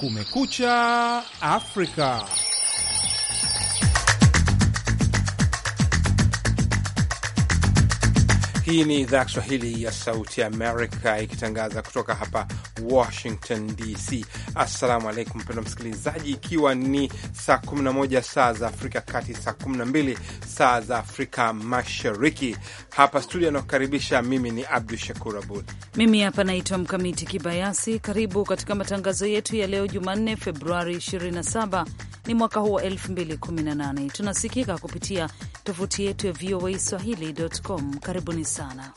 Kumekucha Afrika. Hii ni idhaa ya Kiswahili ya Sauti Amerika ikitangaza kutoka hapa Washington DC. Assalamu alaikum mpendwa msikilizaji, ikiwa ni saa 11 saa za Afrika Kati, saa 12 saa za Afrika Mashariki. Hapa studio anakukaribisha mimi ni Abdu Shakur Abud. Mimi hapa naitwa Mkamiti Kibayasi. Karibu katika matangazo yetu ya leo Jumanne, Februari 27 ni mwaka huu wa 2018. Tunasikika kupitia tovuti yetu ya VOA Swahili.com. Karibuni sana.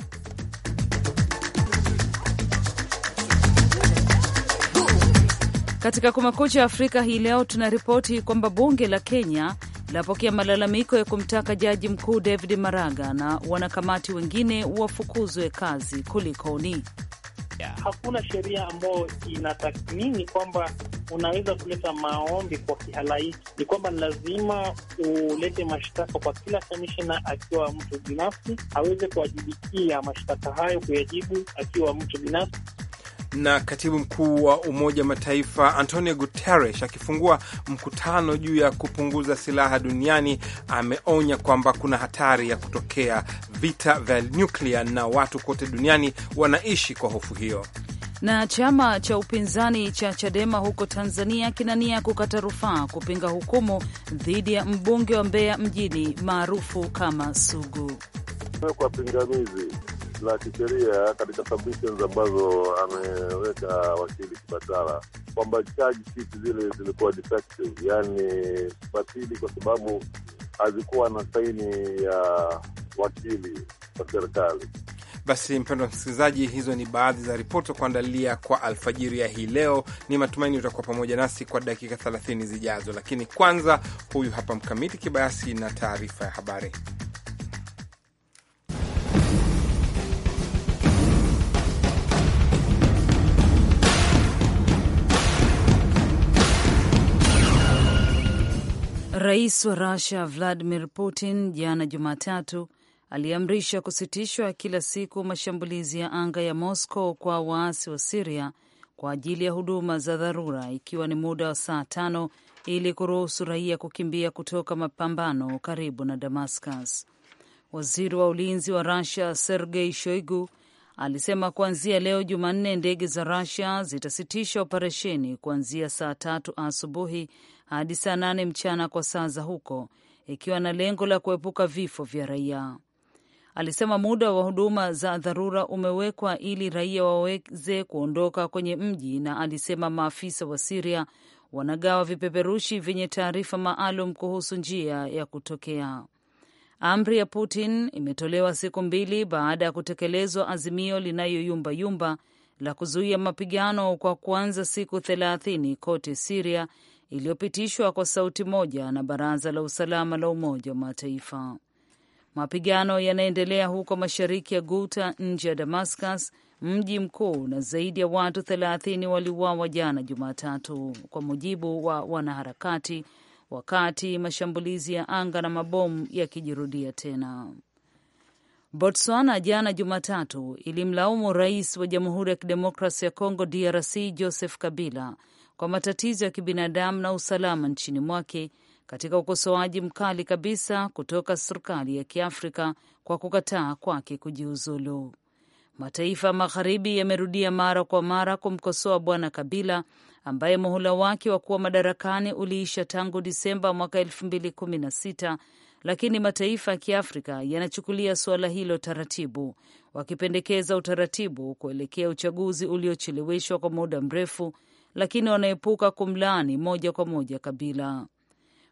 Katika Kumekucha Afrika hii leo tunaripoti kwamba bunge la Kenya linapokea malalamiko ya kumtaka jaji mkuu David Maraga na wanakamati wengine wafukuzwe kazi. Kulikoni? Hakuna sheria ambayo inatathmini kwamba unaweza kuleta maombi kwa kihalaiki. Ni kwamba lazima ulete mashtaka kwa kila kamishina akiwa mtu binafsi, aweze kuwajibikia mashtaka hayo, kuyajibu akiwa mtu binafsi na katibu mkuu wa Umoja Mataifa Antonio Guterres akifungua mkutano juu ya kupunguza silaha duniani ameonya kwamba kuna hatari ya kutokea vita vya nyuklia na watu kote duniani wanaishi kwa hofu hiyo. Na chama cha upinzani cha Chadema huko Tanzania kinania kukata rufaa kupinga hukumu dhidi ya mbunge wa Mbeya mjini maarufu kama Sugu kwa pingamizi la kisheria katika submissions ambazo ameweka wakili Kibatala kwamba charge sheet zile zilikuwa defective, yani batili kwa sababu hazikuwa na saini ya wakili wa serikali. Basi mpendwa msikilizaji, hizo ni baadhi za ripoti za kuandalia kwa alfajiri ya hii leo. Ni matumaini utakuwa pamoja nasi kwa dakika 30 zijazo, lakini kwanza, huyu hapa Mkamiti Kibayasi na taarifa ya habari. Rais wa Rusia Vladimir Putin jana Jumatatu aliamrisha kusitishwa kila siku mashambulizi ya anga ya Moscow kwa waasi wa Siria kwa ajili ya huduma za dharura, ikiwa ni muda wa saa tano ili kuruhusu raia kukimbia kutoka mapambano karibu na Damascus. Waziri wa ulinzi wa Rusia Sergei Shoigu alisema kuanzia leo Jumanne, ndege za Rusia zitasitisha operesheni kuanzia saa tatu asubuhi hadi saa nane mchana kwa saa za huko, ikiwa na lengo la kuepuka vifo vya raia. Alisema muda wa huduma za dharura umewekwa ili raia waweze kuondoka kwenye mji, na alisema maafisa wa Siria wanagawa vipeperushi vyenye taarifa maalum kuhusu njia ya kutokea. Amri ya Putin imetolewa siku mbili baada ya kutekelezwa azimio linayoyumbayumba la kuzuia mapigano kwa kuanza siku thelathini kote Siria, iliyopitishwa kwa sauti moja na Baraza la Usalama la Umoja wa Mataifa. Mapigano yanaendelea huko mashariki ya Guta, nje ya Damascus, mji mkuu, na zaidi ya watu thelathini waliuawa jana Jumatatu, kwa mujibu wa wanaharakati wakati mashambulizi ya anga na mabomu yakijirudia tena. Botswana jana Jumatatu ilimlaumu rais wa Jamhuri ya Kidemokrasi ya Kongo DRC Joseph Kabila kwa matatizo ya kibinadamu na usalama nchini mwake katika ukosoaji mkali kabisa kutoka serikali ya Kiafrika kwa kukataa kwake kujiuzulu. Mataifa magharibi yamerudia mara kwa mara kumkosoa Bwana Kabila ambaye muhula wake wa kuwa madarakani uliisha tangu Disemba mwaka 2016 lakini mataifa ya Kiafrika yanachukulia suala hilo taratibu, wakipendekeza utaratibu kuelekea uchaguzi uliocheleweshwa kwa muda mrefu, lakini wanaepuka kumlaani moja kwa moja Kabila.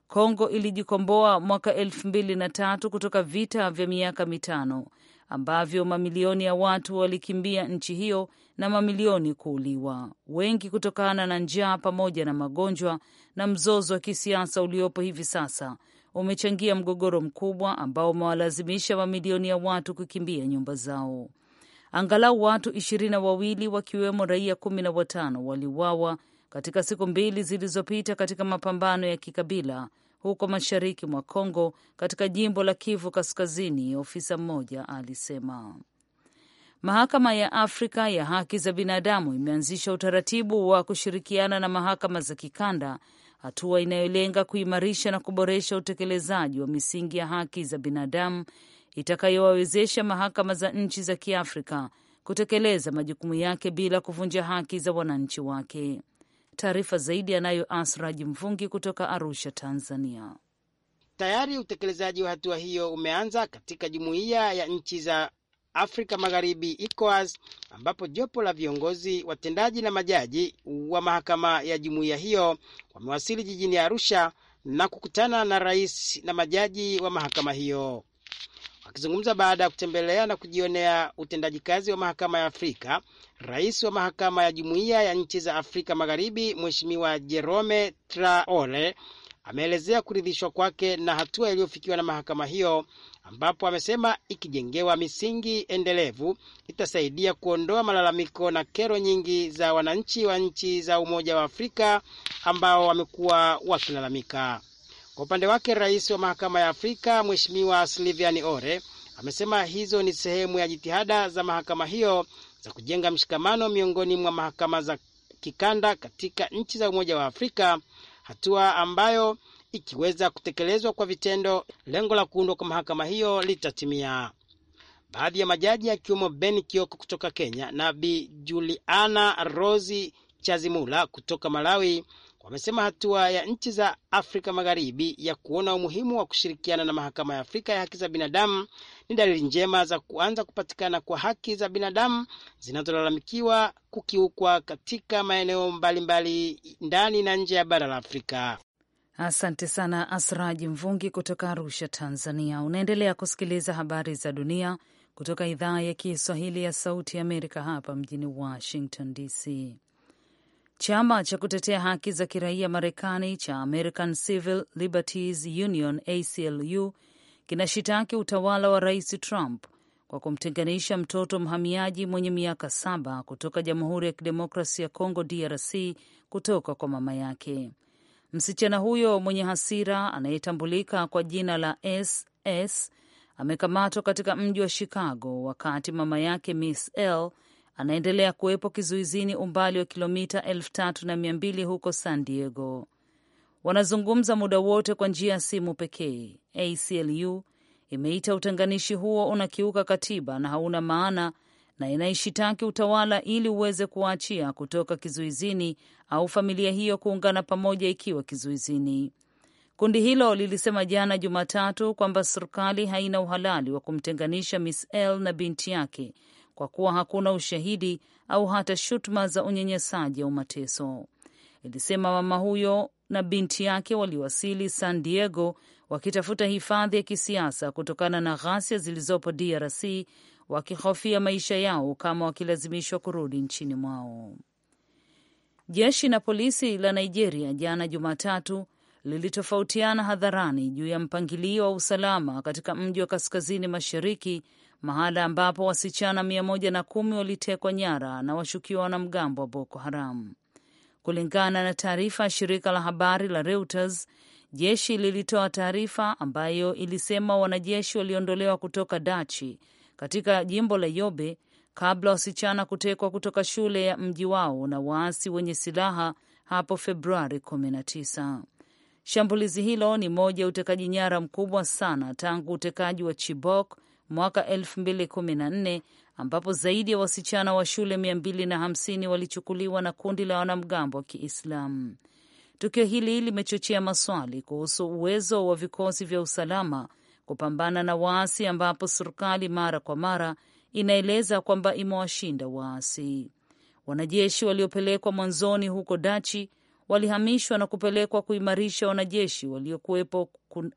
Kongo ilijikomboa mwaka elfu mbili na tatu kutoka vita vya miaka mitano ambavyo mamilioni ya watu walikimbia nchi hiyo na mamilioni kuuliwa, wengi kutokana na njaa pamoja na magonjwa. Na mzozo wa kisiasa uliopo hivi sasa umechangia mgogoro mkubwa ambao umewalazimisha mamilioni ya watu kukimbia nyumba zao. Angalau watu ishirini na wawili wakiwemo raia kumi na watano waliuawa katika siku mbili zilizopita katika mapambano ya kikabila huko mashariki mwa congo katika jimbo la Kivu Kaskazini, ofisa mmoja alisema. Mahakama ya Afrika ya Haki za Binadamu imeanzisha utaratibu wa kushirikiana na mahakama za kikanda, hatua inayolenga kuimarisha na kuboresha utekelezaji wa misingi ya haki za binadamu itakayowawezesha mahakama za nchi za Kiafrika kutekeleza majukumu yake bila kuvunja haki za wananchi wake. Taarifa zaidi anayo Asraji Mvungi kutoka Arusha, Tanzania. Tayari utekelezaji wa hatua hiyo umeanza katika jumuiya ya nchi za Afrika Magharibi, ECOWAS, ambapo jopo la viongozi watendaji na majaji wa mahakama ya jumuiya hiyo wamewasili jijini Arusha na kukutana na rais na majaji wa mahakama hiyo. Akizungumza baada ya kutembelea na kujionea utendaji kazi wa mahakama ya Afrika, rais wa mahakama ya jumuiya ya nchi za Afrika Magharibi Mheshimiwa Jerome Traore ameelezea kuridhishwa kwake na hatua iliyofikiwa na mahakama hiyo, ambapo amesema ikijengewa misingi endelevu itasaidia kuondoa malalamiko na kero nyingi za wananchi wa nchi za Umoja wa Afrika ambao wamekuwa wakilalamika. Kwa upande wake, rais wa mahakama ya Afrika Mheshimiwa Slivian Ore amesema hizo ni sehemu ya jitihada za mahakama hiyo za kujenga mshikamano miongoni mwa mahakama za kikanda katika nchi za Umoja wa Afrika, hatua ambayo ikiweza kutekelezwa kwa vitendo, lengo la kuundwa kwa mahakama hiyo litatimia. Baadhi ya majaji akiwemo Ben Kioko kutoka Kenya na Bi Juliana Rosi Chazimula kutoka Malawi wamesema hatua ya nchi za Afrika Magharibi ya kuona umuhimu wa kushirikiana na Mahakama ya Afrika ya Haki za Binadamu ni dalili njema za kuanza kupatikana kwa haki za binadamu zinazolalamikiwa kukiukwa katika maeneo mbalimbali ndani na nje ya bara la Afrika. Asante sana Asraji Mvungi kutoka Arusha, Tanzania. Unaendelea kusikiliza habari za dunia kutoka idhaa ya Kiswahili ya Sauti ya Amerika hapa mjini Washington DC. Chama cha kutetea haki za kiraia Marekani cha American Civil Liberties Union ACLU kinashitaki utawala wa Rais Trump kwa kumtenganisha mtoto mhamiaji mwenye miaka saba kutoka Jamhuri ya Kidemokrasi ya congo DRC kutoka kwa mama yake. Msichana huyo mwenye hasira anayetambulika kwa jina la SS amekamatwa katika mji wa Chicago wakati mama yake Miss L anaendelea kuwepo kizuizini umbali wa kilomita elfu tatu na mia mbili huko San Diego. Wanazungumza muda wote kwa njia ya simu pekee. ACLU imeita utenganishi huo unakiuka katiba na hauna maana na inaishitaki utawala ili uweze kuwaachia kutoka kizuizini au familia hiyo kuungana pamoja ikiwa kizuizini. Kundi hilo lilisema jana Jumatatu kwamba serikali haina uhalali wa kumtenganisha Miss L na binti yake kwa kuwa hakuna ushahidi au hata shutuma za unyanyasaji au mateso, ilisema. Mama huyo na binti yake waliwasili San Diego wakitafuta hifadhi ya kisiasa kutokana na ghasia zilizopo DRC, wakihofia maisha yao kama wakilazimishwa kurudi nchini mwao. Jeshi na polisi la Nigeria jana Jumatatu lilitofautiana hadharani juu ya mpangilio wa usalama katika mji wa kaskazini mashariki mahala ambapo wasichana mia moja na kumi walitekwa nyara na washukiwa wanamgambo wa Boko Haram. Kulingana na taarifa ya shirika la habari la Reuters, jeshi lilitoa taarifa ambayo ilisema wanajeshi waliondolewa kutoka Dachi katika jimbo la Yobe kabla wasichana kutekwa kutoka shule ya mji wao na waasi wenye silaha hapo Februari 19. Shambulizi hilo ni moja ya utekaji nyara mkubwa sana tangu utekaji wa Chibok mwaka 2014 ambapo zaidi ya wasichana wa shule 250 walichukuliwa na kundi la wanamgambo wa Kiislamu. Tukio hili limechochea maswali kuhusu uwezo wa vikosi vya usalama kupambana na waasi, ambapo serikali mara kwa mara inaeleza kwamba imewashinda waasi. Wanajeshi waliopelekwa mwanzoni huko Dachi walihamishwa na kupelekwa kuimarisha wanajeshi waliokuwepo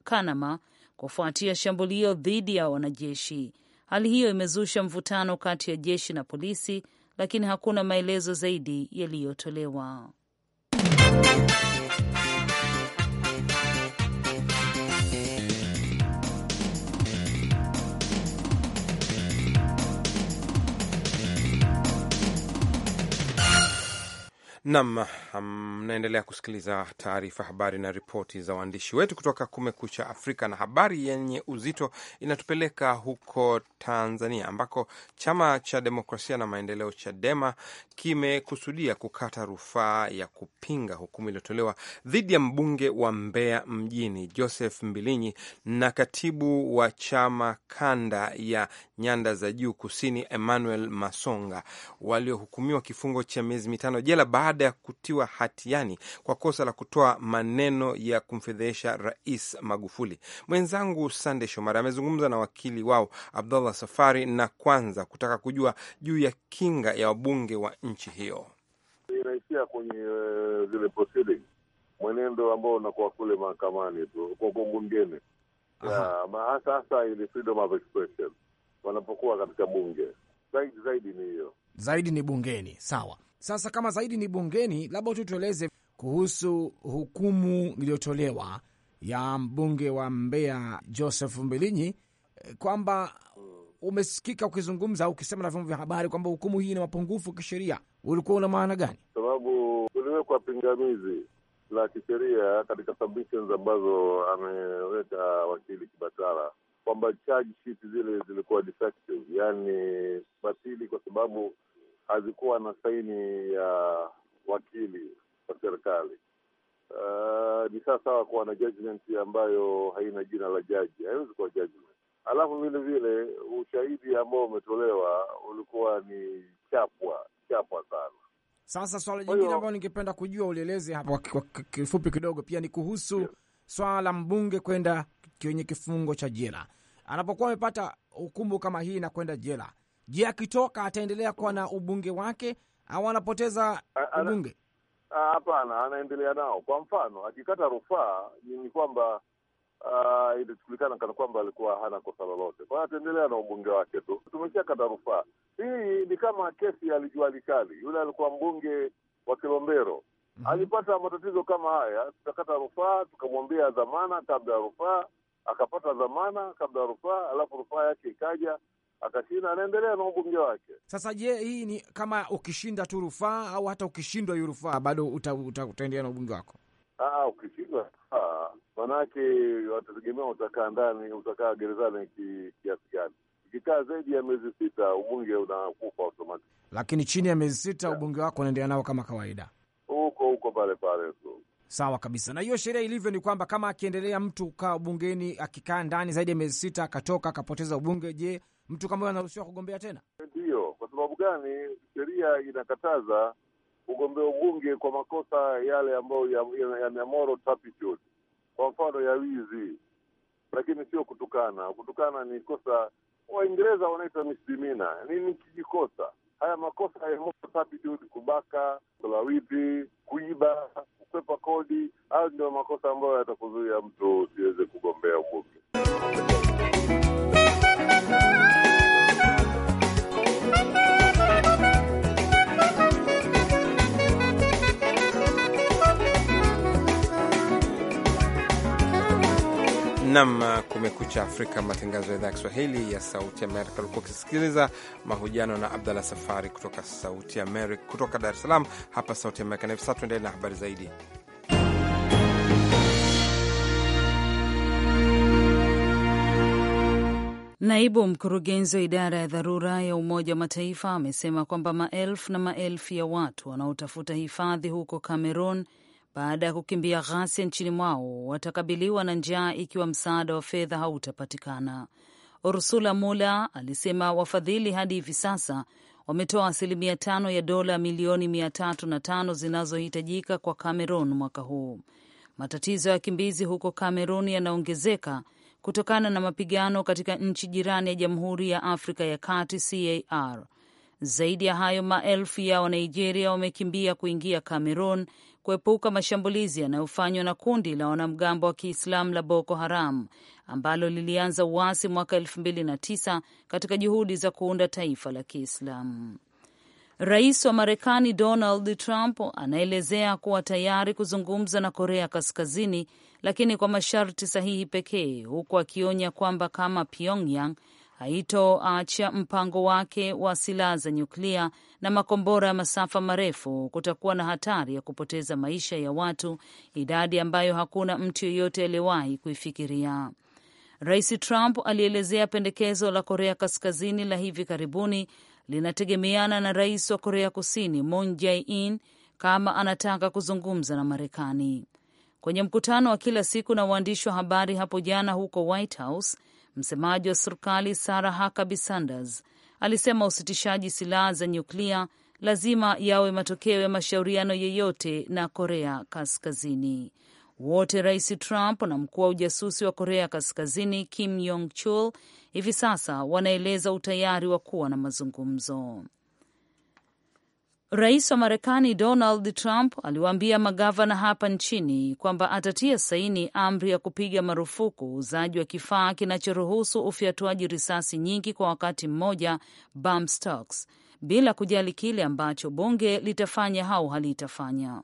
Kanama kufuatia shambulio dhidi ya wanajeshi. Hali hiyo imezusha mvutano kati ya jeshi na polisi, lakini hakuna maelezo zaidi yaliyotolewa. Nam, um, mnaendelea kusikiliza taarifa habari na ripoti za waandishi wetu kutoka Kumekucha Afrika, na habari yenye uzito inatupeleka huko Tanzania ambako chama cha demokrasia na maendeleo Chadema kimekusudia kukata rufaa ya kupinga hukumu iliyotolewa dhidi ya mbunge wa Mbeya mjini Joseph Mbilinyi na katibu wa chama kanda ya nyanda za juu kusini Emmanuel Masonga waliohukumiwa kifungo cha miezi mitano jela baada baada ya kutiwa hatiani kwa kosa la kutoa maneno ya kumfedhehesha Rais Magufuli. Mwenzangu Sande Shomari amezungumza na wakili wao Abdullah Safari na kwanza kutaka kujua juu ya kinga ya wabunge wa nchi hiyo. Inaishia kwenye eh, zile mwenendo ambao unakuwa kule mahakamani tu bungeni, hasa hasa ile freedom of expression wanapokuwa katika bunge zaidi zaidi ni hiyo, zaidi ni bungeni. Sawa, sasa kama zaidi ni bungeni, labda hutu tueleze kuhusu hukumu iliyotolewa ya mbunge wa Mbeya Joseph Mbilinyi kwamba umesikika ukizungumza au ukisema na vyombo vya habari kwamba hukumu hii ina mapungufu kisheria, ulikuwa una maana gani? Sababu uliwekwa pingamizi la kisheria katika submissions ambazo ameweka wakili Kibatala kwamba charge sheet zile zilikuwa defective, yani batili, kwa sababu hazikuwa na saini ya wakili wa serikali. Uh, ni sawa sawa kuwa na judgment ambayo haina jina la jaji, haiwezi kuwa judgment. Alafu vile vile ushahidi ambao umetolewa ulikuwa ni chapwa chapwa sana. Sasa swala jingine ambayo ningependa kujua ulieleze hapa kwa kifupi kidogo pia ni kuhusu yes, swala la mbunge kwenda kwenye kifungo cha jela anapokuwa amepata hukumu kama hii na kwenda jela Je, akitoka ataendelea kuwa na ubunge wake au anapoteza ubunge? Hapana, anaendelea nao. Kwa mfano, akikata rufaa ni kwamba Uh, ilichukulikana kana kwamba alikuwa hana kosa lolote, kwa hiyo ataendelea na ubunge wake tu. Tumeshakata rufaa. Hii ni kama kesi ya lijuali yule alikuwa mbunge wa Kilombero. mm -hmm. Alipata matatizo kama haya, tutakata rufaa, tukamwambia dhamana kabla ya rufaa, akapata dhamana kabla ya rufaa, alafu rufaa yake ikaja, akashinda, anaendelea na ubunge wake. Sasa je, hii ni kama ukishinda tu rufaa au hata ukishindwa hiyo rufaa bado utaendelea uta, uta na ubunge wako? Ah, ah ukishindwa ah, manake watategemea utakaa ndani, utakaa gerezani kiasi gani? Ukikaa zaidi ya miezi sita, ubunge unakufa automatic, lakini chini ya miezi sita yeah, ubunge wako unaendelea nao kama kawaida, huko huko pale pale tu. Sawa kabisa. Na hiyo sheria ilivyo ni kwamba kama akiendelea mtu kaa ubungeni akikaa ndani zaidi ya miezi sita, akatoka akapoteza ubunge, je, mtu kama huyo anaruhusiwa kugombea tena? Ndiyo. Kwa sababu gani? Sheria inakataza kugombea ubunge kwa makosa yale ambayo ya moral turpitude, kwa mfano ya wizi, lakini sio kutukana. Kutukana ni kosa, Waingereza wanaita misdimina. Nini kijikosa? Haya makosa ya moral turpitude, kubaka, kulawiti, kuiba, kukwepa kodi, hayo ndio makosa ambayo yatakuzuia mtu siweze kugombea ubunge. Nam uh, Kumekucha Afrika, matangazo ya idhaa ya Kiswahili ya Sauti Amerika. Ulikuwa ukisikiliza mahojiano na abdalah Safari kutoka Sauti Amerika, kutoka Dar es Salaam hapa Sauti Amerika. Na hivi sasa tuendelee na habari zaidi. Naibu mkurugenzi wa idara ya dharura ya Umoja wa Mataifa amesema kwamba maelfu na maelfu ya watu wanaotafuta hifadhi huko Cameroon baada ya kukimbia ghasia nchini mwao watakabiliwa na njaa ikiwa msaada wa fedha hautapatikana. Ursula Mula alisema wafadhili hadi hivi sasa wametoa asilimia tano ya dola milioni mia tatu na tano zinazohitajika kwa Cameron mwaka huu. Matatizo ya wakimbizi huko Cameron yanaongezeka kutokana na mapigano katika nchi jirani ya Jamhuri ya Afrika ya Kati CAR. Zaidi ya hayo, maelfu ya Wanigeria wamekimbia kuingia Cameron kuepuka mashambulizi yanayofanywa na kundi la wanamgambo wa Kiislamu la Boko Haram ambalo lilianza uasi mwaka 2009 katika juhudi za kuunda taifa la Kiislamu. Rais wa Marekani Donald Trump anaelezea kuwa tayari kuzungumza na Korea Kaskazini, lakini kwa masharti sahihi pekee, huku akionya kwamba kama Pyongyang haitoacha mpango wake wa silaha za nyuklia na makombora ya masafa marefu, kutakuwa na hatari ya kupoteza maisha ya watu, idadi ambayo hakuna mtu yeyote aliyewahi kuifikiria. Rais Trump alielezea pendekezo la Korea Kaskazini la hivi karibuni linategemeana na rais wa Korea Kusini Moon Jae-in kama anataka kuzungumza na Marekani. Kwenye mkutano wa kila siku na waandishi wa habari hapo jana huko White House, Msemaji wa serikali Sarah Huckabee Sanders alisema usitishaji silaha za nyuklia lazima yawe matokeo ya mashauriano yeyote na Korea Kaskazini. Wote Rais Trump na mkuu wa ujasusi wa Korea Kaskazini Kim Yong Chul hivi sasa wanaeleza utayari wa kuwa na mazungumzo. Rais wa Marekani Donald Trump aliwaambia magavana hapa nchini kwamba atatia saini amri ya kupiga marufuku uuzaji wa kifaa kinachoruhusu ufyatuaji risasi nyingi kwa wakati mmoja, bump stocks, bila kujali kile ambacho bunge litafanya au halitafanya.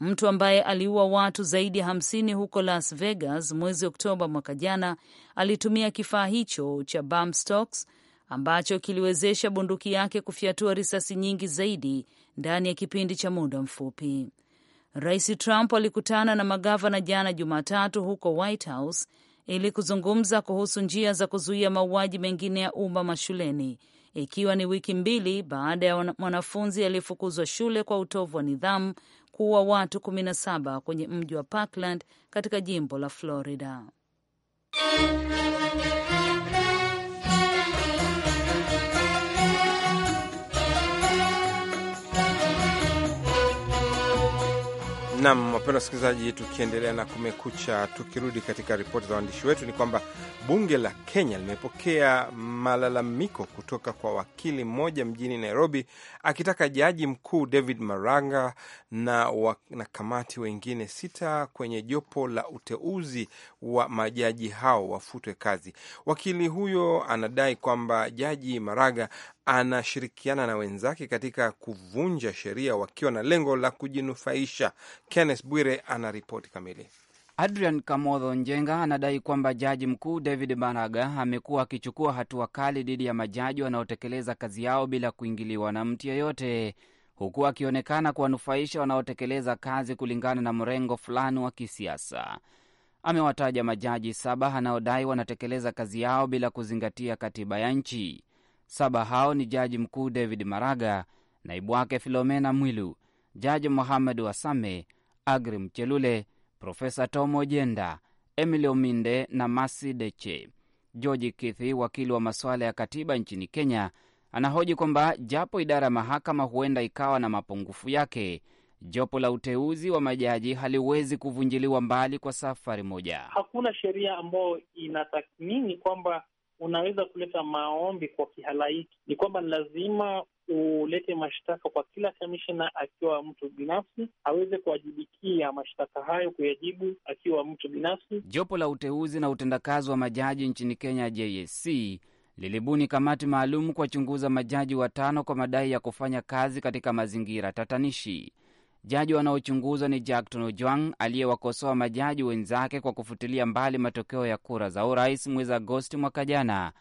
Mtu ambaye aliua watu zaidi ya hamsini huko Las Vegas mwezi Oktoba mwaka jana alitumia kifaa hicho cha bump stocks ambacho kiliwezesha bunduki yake kufyatua risasi nyingi zaidi ndani ya kipindi cha muda mfupi. Rais Trump alikutana na magavana jana Jumatatu huko White House ili kuzungumza kuhusu njia za kuzuia mauaji mengine ya umma mashuleni, ikiwa ni wiki mbili baada ya mwanafunzi aliyefukuzwa shule kwa utovu wa nidhamu kuua watu 17 kwenye mji wa Parkland katika jimbo la Florida. Nam wapenda wasikilizaji, tukiendelea na Kumekucha, tukirudi katika ripoti za waandishi wetu, ni kwamba bunge la Kenya limepokea malalamiko kutoka kwa wakili mmoja mjini Nairobi akitaka jaji mkuu David Maranga na, wa, na kamati wengine sita kwenye jopo la uteuzi wa majaji hao wafutwe kazi. Wakili huyo anadai kwamba jaji Maraga anashirikiana na wenzake katika kuvunja sheria wakiwa na lengo la kujinufaisha. Kenneth Bwire ana ripoti kamili. Adrian Kamodho Njenga anadai kwamba jaji mkuu David Maraga amekuwa akichukua hatua kali dhidi ya majaji wanaotekeleza kazi yao bila kuingiliwa na mtu yeyote, huku akionekana kuwanufaisha wanaotekeleza kazi kulingana na mrengo fulani wa kisiasa. Amewataja majaji saba anaodai wanatekeleza kazi yao bila kuzingatia katiba ya nchi. Saba hao ni jaji mkuu David Maraga, naibu wake Filomena Mwilu, jaji Mohamed Wasame, Agri Mchelule, Profesa tom ojenda Emily Ominde na Masi Deche. George Kithi, wakili wa masuala ya katiba nchini Kenya, anahoji kwamba japo idara ya mahakama huenda ikawa na mapungufu yake, jopo la uteuzi wa majaji haliwezi kuvunjiliwa mbali kwa safari moja. Hakuna sheria ambayo inatathmini kwamba unaweza kuleta maombi kwa kihalaiki. Ni kwamba ni lazima ulete mashtaka kwa kila kamishna akiwa mtu binafsi, aweze kuwajibikia mashtaka hayo, kuyajibu akiwa mtu binafsi. Jopo la uteuzi na utendakazi wa majaji nchini Kenya, JSC, lilibuni kamati maalum kuwachunguza majaji watano kwa madai ya kufanya kazi katika mazingira tatanishi. Jaji wanaochunguzwa ni Jackton Ojwang aliyewakosoa majaji wenzake kwa kufutilia mbali matokeo ya kura za urais mwezi Agosti mwaka jana.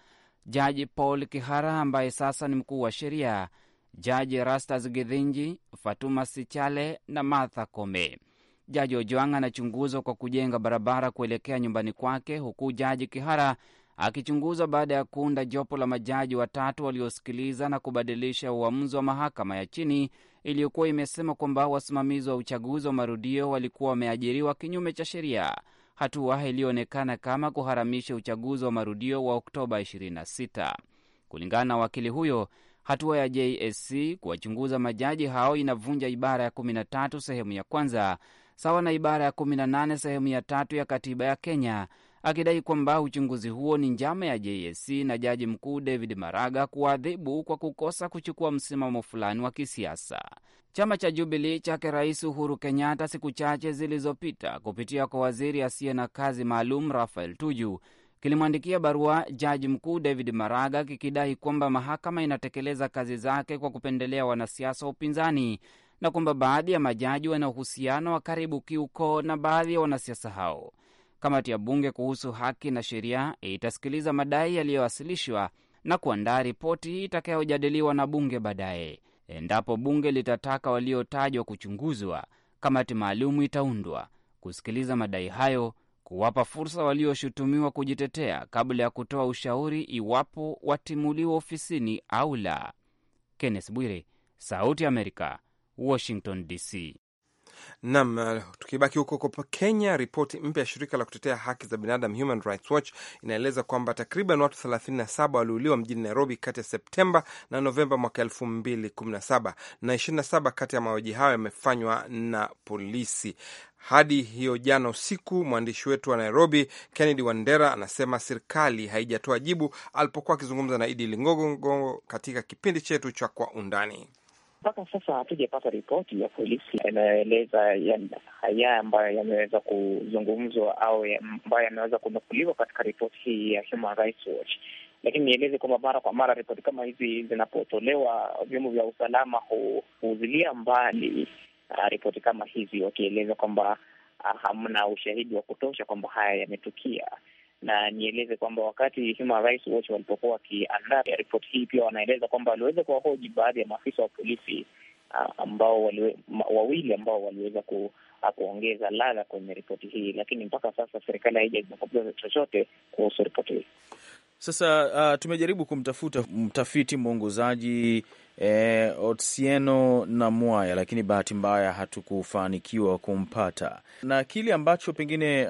Jaji Paul Kihara ambaye sasa ni mkuu wa sheria, Jaji Rastas Githinji, Fatuma Sichale na Martha Kome. Jaji Ojwang anachunguzwa kwa kujenga barabara kuelekea nyumbani kwake, huku Jaji Kihara akichunguzwa baada ya kuunda jopo la majaji watatu waliosikiliza na kubadilisha uamuzi wa mahakama ya chini iliyokuwa imesema kwamba wasimamizi wa uchaguzi wa marudio walikuwa wameajiriwa kinyume cha sheria, hatua iliyoonekana kama kuharamisha uchaguzi wa marudio wa Oktoba 26. Kulingana na wakili huyo, hatua ya JSC kuwachunguza majaji hao inavunja ibara ya 13 sehemu ya kwanza sawa na ibara ya 18 sehemu ya tatu ya katiba ya Kenya akidai kwamba uchunguzi huo ni njama ya JSC na jaji mkuu David Maraga kuadhibu kwa kukosa kuchukua msimamo fulani wa kisiasa. Chama cha Jubilii chake Rais Uhuru Kenyatta siku chache zilizopita kupitia kwa waziri asiye na kazi maalum Rafael Tuju kilimwandikia barua jaji mkuu David Maraga kikidai kwamba mahakama inatekeleza kazi zake kwa kupendelea wanasiasa wa upinzani na kwamba baadhi ya majaji wana uhusiano wa karibu kiukoo na baadhi ya wanasiasa hao. Kamati ya bunge kuhusu haki na sheria itasikiliza madai yaliyowasilishwa na kuandaa ripoti itakayojadiliwa na bunge baadaye. Endapo bunge litataka waliotajwa kuchunguzwa, kamati maalum itaundwa kusikiliza madai hayo, kuwapa fursa walioshutumiwa kujitetea kabla ya kutoa ushauri iwapo watimuliwa ofisini au la. Kenneth Bwire, Sauti ya Amerika, Washington DC. Nam, uh, tukibaki huko kwa Kenya, ripoti mpya ya shirika la kutetea haki za binadamu Human Rights Watch inaeleza kwamba takriban watu 37 waliuliwa mjini Nairobi kati ya Septemba na Novemba mwaka 2017 na 27 kati ya mauaji hayo yamefanywa na polisi. Hadi hiyo jana usiku, mwandishi wetu wa Nairobi Kennedy Wandera anasema serikali haijatoa jibu alipokuwa akizungumza na Idi Lingogo katika kipindi chetu cha Kwa Undani. Mpaka sasa hatujapata ripoti ya polisi inayoeleza haya ambayo yameweza kuzungumzwa au ambayo yameweza kunukuliwa katika ripoti hii ya Human Rights Watch, lakini nieleze kwamba mara kwa mara ripoti kama hizi zinapotolewa, vyombo vya usalama huuzilia mbali uh, ripoti kama hizi wakieleza kwamba uh, hamna ushahidi wa kutosha kwamba haya yametukia na nieleze kwamba wakati Human Rights Watch walipokuwa wakiandaa ripoti hii, pia wanaeleza kwamba waliweza kuwahoji baadhi ya maafisa wa polisi ambao waliwe, wawili ambao waliweza ku, kuongeza ladha kwenye ripoti hii, lakini mpaka sasa serikali haijazungumza chochote kuhusu ripoti hii. Sasa uh, tumejaribu kumtafuta mtafiti mwongozaji e, Otsieno na Mwaya, lakini bahati mbaya hatukufanikiwa kumpata, na kile ambacho pengine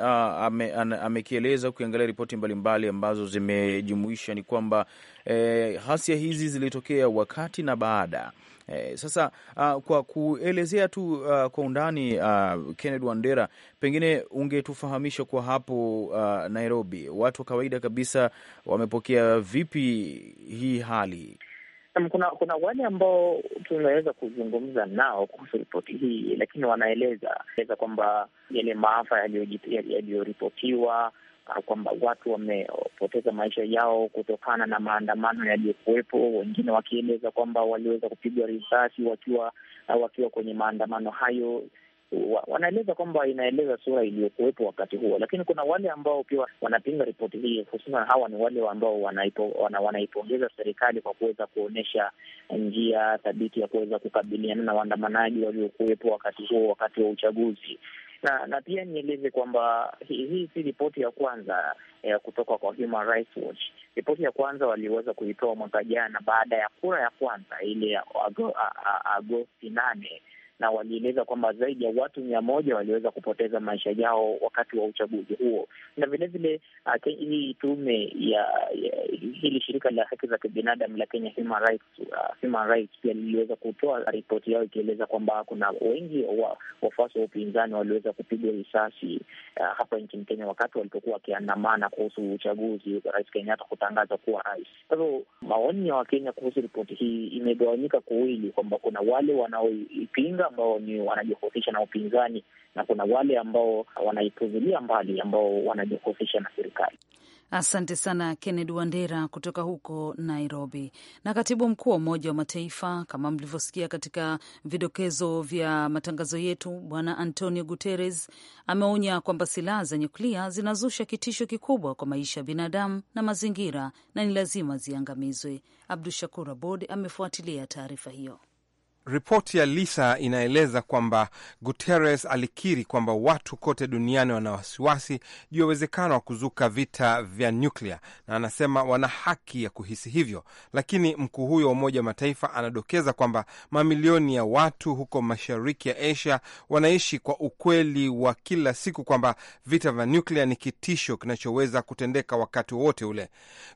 amekieleza ame ukiangalia ripoti mbalimbali ambazo zimejumuisha ni kwamba e, ghasia hizi zilitokea wakati na baada E, sasa uh, kwa kuelezea tu uh, kwa undani uh, Kenneth Wandera, pengine ungetufahamisha kwa hapo uh, Nairobi, watu wa kawaida kabisa wamepokea vipi hii hali? kuna kuna wale ambao tunaweza kuzungumza nao kuhusu ripoti hii, lakini wanaeleza eleza kwamba yale maafa yaliyoripotiwa ah, kwamba watu wamepoteza maisha yao kutokana na maandamano yaliyokuwepo, wengine wakieleza kwamba waliweza kupigwa risasi wakiwa ah, wakiwa kwenye maandamano hayo wanaeleza kwamba inaeleza sura iliyokuwepo wakati huo, lakini kuna wale ambao pia wanapinga ripoti hii, hususan hawa ni wale ambao wanaipongeza serikali kwa kuweza kuonyesha njia thabiti ya kuweza kukabiliana na waandamanaji waliokuwepo wakati huo, wakati wa uchaguzi na na pia nieleze kwamba hii hi, si ripoti ya kwanza eh, kutoka kwa Human Rights Watch. Ripoti ya kwanza waliweza kuitoa mwaka jana baada ya kura ya kwanza ile ya Agosti nane na walieleza kwamba zaidi ya watu mia moja waliweza kupoteza maisha yao wakati wa uchaguzi huo. Na vilevile uh, hii uh, tume ya, ya hili shirika la haki za kibinadamu la Kenya Human Rights, uh, Human Rights pia liliweza kutoa ripoti yao ikieleza kwamba kuna wengi wa wafuasi wa upinzani waliweza kupigwa risasi uh, hapa nchini Kenya wakati walipokuwa wakiandamana kuhusu uchaguzi Rais Kenyatta kutangazwa kuwa rais. Kwa hivyo maoni ya Wakenya kuhusu ripoti hii imegawanyika kuwili, kwamba kuna wale wanaoipinga ambao ni wanajihusisha na upinzani na kuna wale ambao wanaipuzulia mbali ambao wanajihusisha na serikali. Asante sana Kennedy Wandera kutoka huko Nairobi. Na katibu mkuu wa Umoja wa Mataifa, kama mlivyosikia katika vidokezo vya matangazo yetu, Bwana Antonio Guterres ameonya kwamba silaha za nyuklia zinazusha kitisho kikubwa kwa maisha ya binadamu na mazingira na ni lazima ziangamizwe. Abdu Shakur Abod amefuatilia taarifa hiyo. Ripoti ya Lisa inaeleza kwamba Guterres alikiri kwamba watu kote duniani wana wasiwasi juu ya uwezekano wa kuzuka vita vya nyuklia, na anasema wana haki ya kuhisi hivyo, lakini mkuu huyo wa Umoja wa Mataifa anadokeza kwamba mamilioni ya watu huko mashariki ya Asia wanaishi kwa ukweli wa kila siku kwamba vita vya nyuklia ni kitisho kinachoweza kutendeka wakati wowote ule.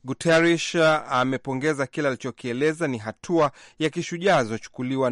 Guterres amepongeza kile alichokieleza ni hatua ya kishujaa zochukuliwa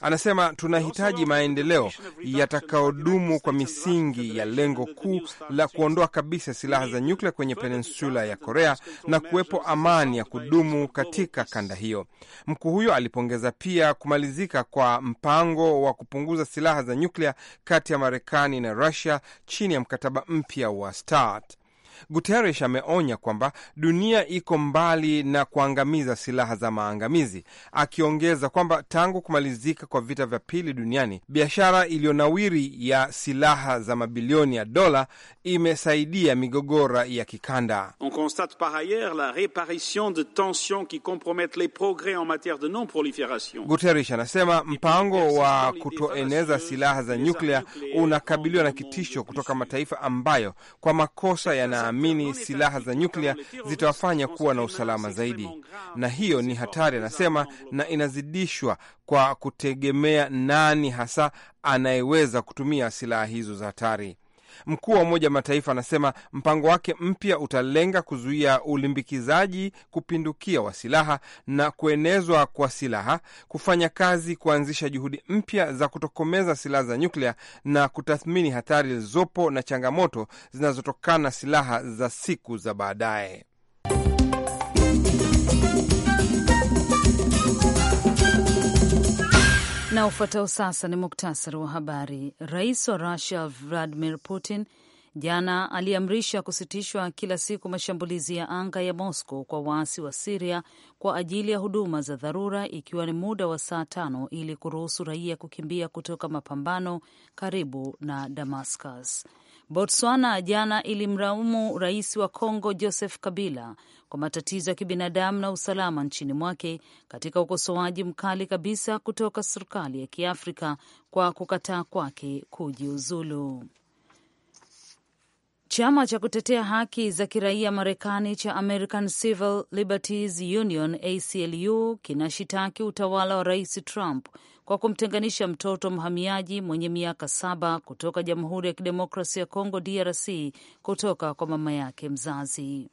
Anasema tunahitaji maendeleo yatakayodumu kwa misingi ya lengo kuu la kuondoa kabisa silaha za nyuklia kwenye peninsula ya Korea na kuwepo amani ya kudumu katika kanda hiyo. Mkuu huyo alipongeza pia kumalizika kwa mpango wa kupunguza silaha za nyuklia kati ya Marekani na Rusia chini ya mkataba mpya wa START. Guterres ameonya kwamba dunia iko mbali na kuangamiza silaha za maangamizi, akiongeza kwamba tangu kumalizika kwa vita vya pili duniani, biashara iliyonawiri ya silaha za mabilioni ya dola imesaidia migogora ya kikanda. On constate par ailleurs la reparition de tensions qui compromettent les progres en matiere de non proliferation. Guterres anasema mpango wa kutoeneza silaha za nyuklia unakabiliwa na kitisho kutoka mataifa ambayo kwa makosa yana anaamini silaha za nyuklia zitawafanya kuwa na usalama zaidi, na hiyo ni hatari, anasema, na inazidishwa kwa kutegemea nani hasa anayeweza kutumia silaha hizo za hatari. Mkuu wa Umoja Mataifa anasema mpango wake mpya utalenga kuzuia ulimbikizaji kupindukia wa silaha na kuenezwa kwa silaha, kufanya kazi kuanzisha juhudi mpya za kutokomeza silaha za nyuklia na kutathmini hatari zilizopo na changamoto zinazotokana na silaha za siku za baadaye. Na ufuatao sasa ni muktasari wa habari. Rais wa Rusia Vladimir Putin jana aliamrisha kusitishwa kila siku mashambulizi ya anga ya mosco kwa waasi wa Siria kwa ajili ya huduma za dharura, ikiwa ni muda wa saa tano ili kuruhusu raia kukimbia kutoka mapambano karibu na Damascus. Botswana jana ilimlaumu rais wa Kongo Joseph Kabila kwa matatizo ya kibinadamu na usalama nchini mwake katika ukosoaji mkali kabisa kutoka serikali ya Kiafrika kwa kukataa kwake kujiuzulu. Chama cha kutetea haki za kiraia Marekani cha American Civil Liberties Union ACLU kinashitaki utawala wa Rais Trump kwa kumtenganisha mtoto mhamiaji mwenye miaka saba kutoka Jamhuri ya Kidemokrasia ya Kongo DRC kutoka kwa mama yake mzazi.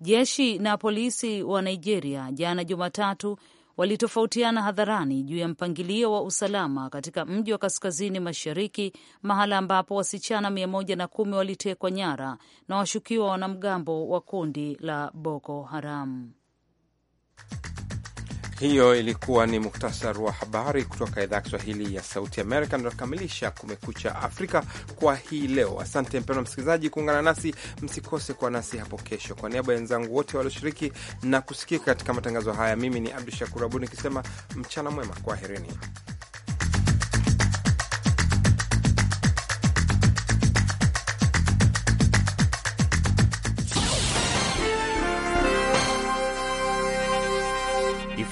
Jeshi na polisi wa Nigeria jana Jumatatu walitofautiana hadharani juu ya mpangilio wa usalama katika mji wa kaskazini mashariki, mahala ambapo wasichana mia moja na kumi walitekwa nyara na washukiwa wanamgambo wa kundi la Boko Haram. Hiyo ilikuwa ni muhtasari wa habari kutoka idhaa ya Kiswahili ya Sauti Amerika. Tunakamilisha Kumekucha Afrika kwa hii leo. Asante mpendwa msikilizaji kuungana nasi, msikose kwa nasi hapo kesho. Kwa niaba ya wenzangu wote walioshiriki na kusikika katika matangazo haya, mimi ni Abdu Shakur Abud nikisema mchana mwema, kwaherini.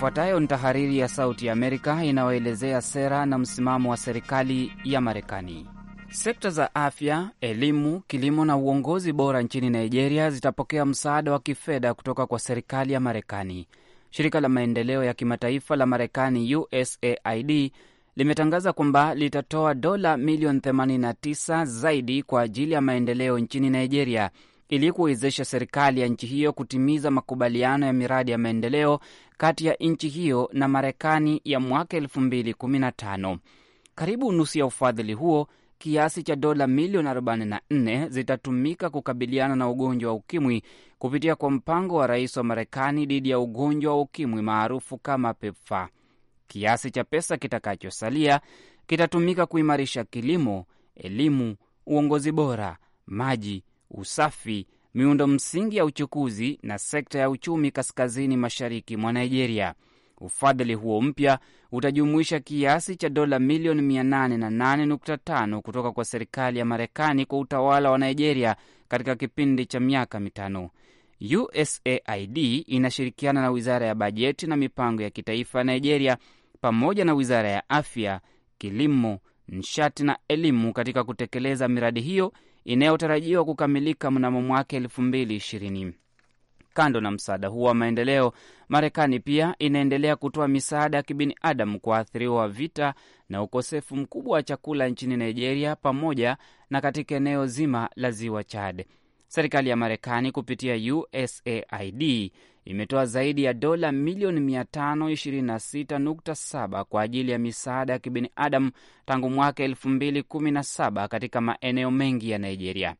Ifuatayo ni tahariri ya Sauti ya Amerika inayoelezea sera na msimamo wa serikali ya Marekani. Sekta za afya, elimu, kilimo na uongozi bora nchini Nigeria zitapokea msaada wa kifedha kutoka kwa serikali ya Marekani. Shirika la maendeleo ya kimataifa la Marekani, USAID, limetangaza kwamba litatoa dola milioni 89 zaidi kwa ajili ya maendeleo nchini Nigeria ili kuwezesha serikali ya nchi hiyo kutimiza makubaliano ya miradi ya maendeleo kati ya nchi hiyo na Marekani ya mwaka 2015. Karibu nusu ya ufadhili huo, kiasi cha dola milioni 44, zitatumika kukabiliana na ugonjwa wa ukimwi kupitia kwa mpango wa rais wa Marekani dhidi ya ugonjwa wa ukimwi maarufu kama PEPFA. Kiasi cha pesa kitakachosalia kitatumika kuimarisha kilimo, elimu, uongozi bora, maji, usafi miundo msingi ya uchukuzi na sekta ya uchumi kaskazini mashariki mwa Nigeria. Ufadhili huo mpya utajumuisha kiasi cha dola milioni 808.5 kutoka kwa serikali ya Marekani kwa utawala wa Nigeria katika kipindi cha miaka mitano. USAID inashirikiana na wizara ya bajeti na mipango ya kitaifa ya Nigeria pamoja na wizara ya afya, kilimo, nishati na elimu katika kutekeleza miradi hiyo inayotarajiwa kukamilika mnamo mwaka elfu mbili ishirini. Kando na msaada huo wa maendeleo, Marekani pia inaendelea kutoa misaada ya kibinadamu kwa athiriwa wa vita na ukosefu mkubwa wa chakula nchini Nigeria pamoja na katika eneo zima la ziwa Chad. Serikali ya Marekani kupitia USAID imetoa zaidi ya dola milioni 526.7 kwa ajili ya misaada ya kibinadamu tangu mwaka 2017 katika maeneo mengi ya Nigeria.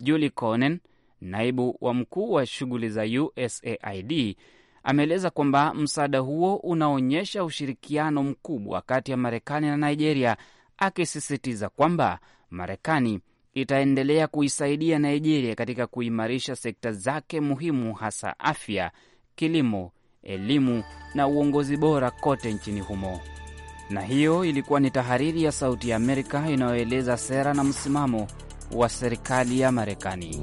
Julie Conen, naibu wa mkuu wa shughuli za USAID, ameeleza kwamba msaada huo unaonyesha ushirikiano mkubwa kati ya Marekani na Nigeria, akisisitiza kwamba Marekani itaendelea kuisaidia Nigeria katika kuimarisha sekta zake muhimu, hasa afya, kilimo, elimu na uongozi bora kote nchini humo. Na hiyo ilikuwa ni tahariri ya Sauti ya Amerika inayoeleza sera na msimamo wa serikali ya Marekani.